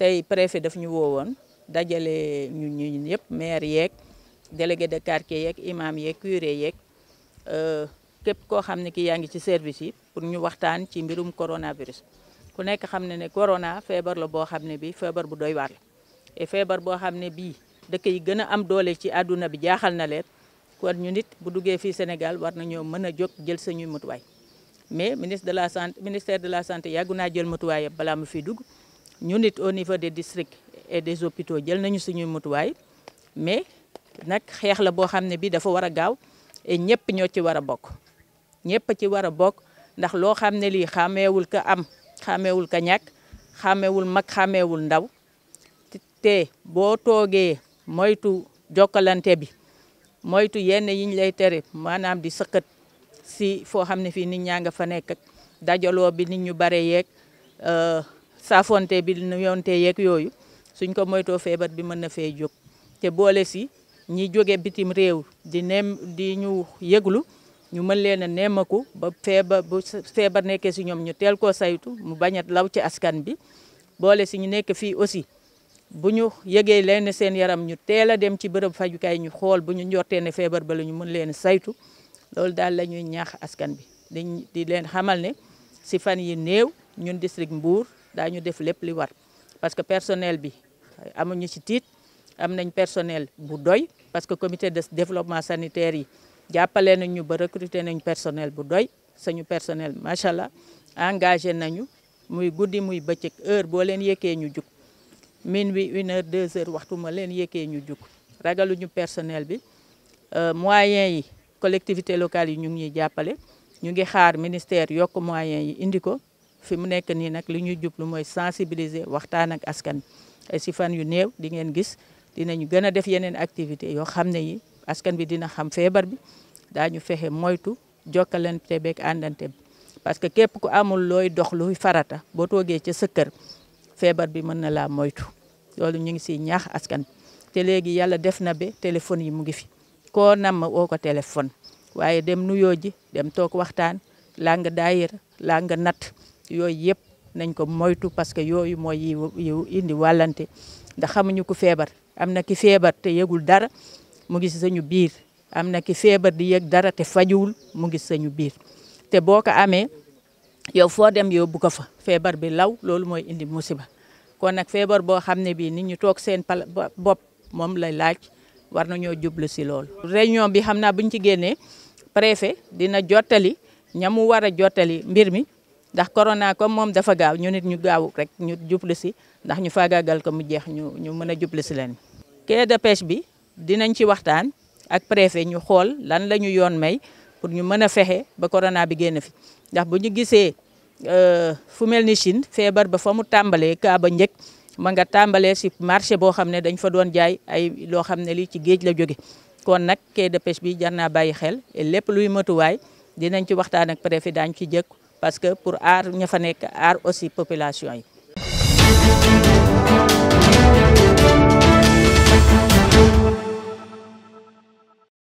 tey préfet daf ñu woowoon dajale ñun ñun yëpp maire yeeg délégué de quartier yeeg imam yeeg curé yeeg euh, képp koo xam ne ki yaa ngi ci service yi pour ñu waxtaan ci mbirum coronavirus ku nekk xam ne ne corona feebar la boo xam ne bi feebar bu doy waar la et feebar boo xam ne bii dëkk yi gën a am doole ci àdduna bi jaaxal na leen kon ñu nit bu duggee fii Sénégal war ñoo mën a jóg jël sañuy mutuwaay mais ministre de la santé ministère de la santé yàgg naa jël mutuwaayam balaa mu fiy dugg ñu nit au niveau des districts et des hôpitaux jël nañu suñuy mutuwaay mais nag xeex la boo xam ne bii dafa war a gaaw et ñëpp ñoo ci war a bokk ñëpp ci war a bokk ndax loo xam ne lii xàmmeewul ka am xàmmeewul ka ñàkk xàmmeewul mag xàmmeewul ndaw te boo toogee moytu jokkalante bi moytu yenn yiñ lay tere maanaam di sëqat si foo xam ne fii ni ñaa nga fa nekk dajaloo bi nit ñu bare yeeg euh, saafonte bi nu yonte yeeg yooyu suñ ko moytoo feebar bi mën na fee jóg te boole si ñi jóge bitim réew di nem di ñu yëglu ñu mën leen a neemaku ba feebar bu nekkee si ñoom ñu teel koo saytu mu bañ a law ci askan bi boole si ñu nekk fii aussi bu ñu yëgee leen seen yaram ñu teel a dem ci bërëb fajukaay ñu xool bu ñu njortee ne feebar ba la ñu mën leen saytu loolu daal lañuy ñaax askan bi di xamal ne si fan yi néew ñun district mbuur daañu def lépp li war parce que personnel bi amuñu ci tiit am nañ personnel bu doy parce que comité de développement sanitaire yi jàppale nañ ñu ba recruter nañ personnel bu doy suñu personnel machallah engagé nañu muy goudi muy bëcëk heure bo leen yéké ñu jug minuit une heure deux heures waxtu ma leen yéké ñu jug ragaluñu personnel bi euh, moyens yi collectivité locale yi ñu ngi jappalé ñu ngi xaar ministère yok moyens yi indi ko. fi mu nekk nii nag li ñuy jublu mooy sensibiliser waxtaan ak askan ay si yu néew di ngeen gis dinañu gën a def yeneen activité yoo xam ne yi askan bi dina xam feebar bi daañu fexe moytu jokkalante beeg àndante bi parce que képp ku amul looy dox luy farata boo toogee ca sa kër feebar bi mën na laa moytu loolu ñu ngi si ñax askan te léegi yàlla def na ba téléphone yi mu ngi fi ko namm woo ko téléphone waaye dem nuyoo ji dem toog waxtaan lang nga daayira laa natt yooyu yëpp nañ ko moytu parce que yooyu mooy yi indi wàllante ndax xamuñu ko feebar am na ki feebar te yëgul dara mu gis si biir am na ki feebar di yëg dara te fajuwul mu gis sañu biir te boo ko amee yow foo dem yow bu ko fa feebar bi law loolu mooy indi musiba kon nag feebar boo xam ne bii ni ñu toog seen pal bopp moom lay laaj war nañoo jublu si lool réunion bi xam naa bu ñu ci génnee préfet dina jottali ñamu war a jottali mbir mi. ndax corona comme moom dafa gaaw ñu nit ñu gaaw rek ñu jublu si ndax ñu faagaagal ko mu jeex ñu ñu mën a jublu si leen. quai bi dinañ ci waxtaan ak préfet ñu xool lan la yoon may pour ñu mën a fexe ba corona bi génn fi ndax bu ñu gisee euh, fu mel ni Chine feebar ba fa mu tàmbalee kaa ba njëkk ma nga tàmbalee si marché boo xam ne dañ fa doon jaay ay loo xam ne lii ci géej la jóge kon nag quai de pêche bi jar naa bàyyi xel lépp luy matuwaay dinañ ci waxtaan ak préfet daañu ci jëkk parce que pour aar ña fa nekk aussi population yi